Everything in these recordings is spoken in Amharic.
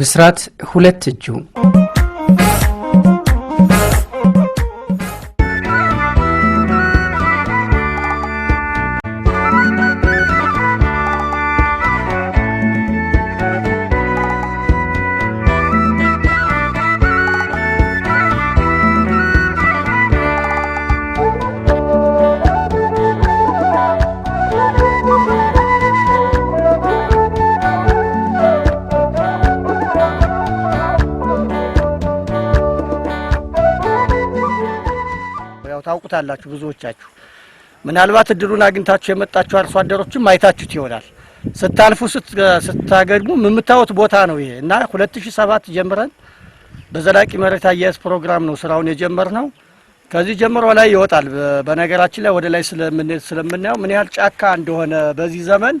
ብስራት ሁለት እጁ ያው ታውቁታላችሁ ብዙዎቻችሁ። ምናልባት እድሉን አግኝታችሁ የመጣችሁ አርሶ አደሮችም አይታችሁት ይሆናል። ስታልፉ ስታገድሙ የምታዩት ቦታ ነው ይሄ እና 2007 ጀምረን በዘላቂ መሬት አያያዝ ፕሮግራም ነው ስራውን የጀመርነው። ከዚህ ጀምሮ ላይ ይወጣል። በነገራችን ላይ ወደ ላይ ስለምናየው ምን ያህል ጫካ እንደሆነ በዚህ ዘመን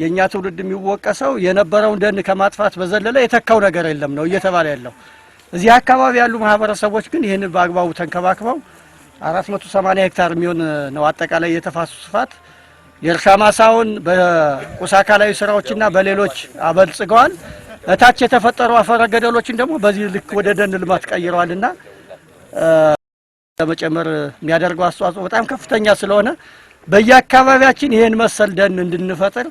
የእኛ ትውልድ የሚወቀሰው የነበረውን ደን ከማጥፋት በዘለለ የተካው ነገር የለም ነው እየተባለ ያለው። እዚህ አካባቢ ያሉ ማህበረሰቦች ግን ይህንን በአግባቡ ተንከባክበው 480 ሄክታር የሚሆን ነው አጠቃላይ የተፋሱ ስፋት። የእርሻ ማሳውን በቁስ አካላዊ ስራዎችና በሌሎች አበልጽገዋል። እታች የተፈጠሩ አፈረ ገደሎችን ደግሞ በዚህ ልክ ወደ ደን ልማት ቀይረዋልና ለመጨመር የሚያደርገው አስተዋጽኦ በጣም ከፍተኛ ስለሆነ በየአካባቢያችን ይህን መሰል ደን እንድንፈጥር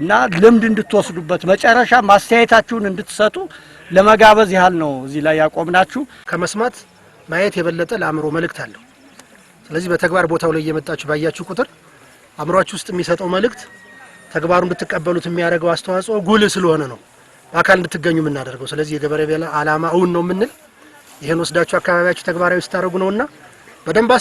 እና ልምድ እንድትወስዱበት መጨረሻ ማስተያየታችሁን እንድትሰጡ ለመጋበዝ ያህል ነው እዚህ ላይ ያቆምናችሁ ከመስማት ማየት የበለጠ ለአእምሮ መልእክት አለው። ስለዚህ በተግባር ቦታው ላይ እየመጣችሁ ባያችሁ ቁጥር አእምሯችሁ ውስጥ የሚሰጠው መልእክት ተግባሩ እንድትቀበሉት የሚያደርገው አስተዋጽኦ ጉልህ ስለሆነ ነው በአካል እንድትገኙ የምናደርገው። ስለዚህ የገበሬ ቤላ አላማ እውን ነው የምንል ይህን ወስዳችሁ አካባቢያችሁ ተግባራዊ ስታደርጉ ነውና በደንብ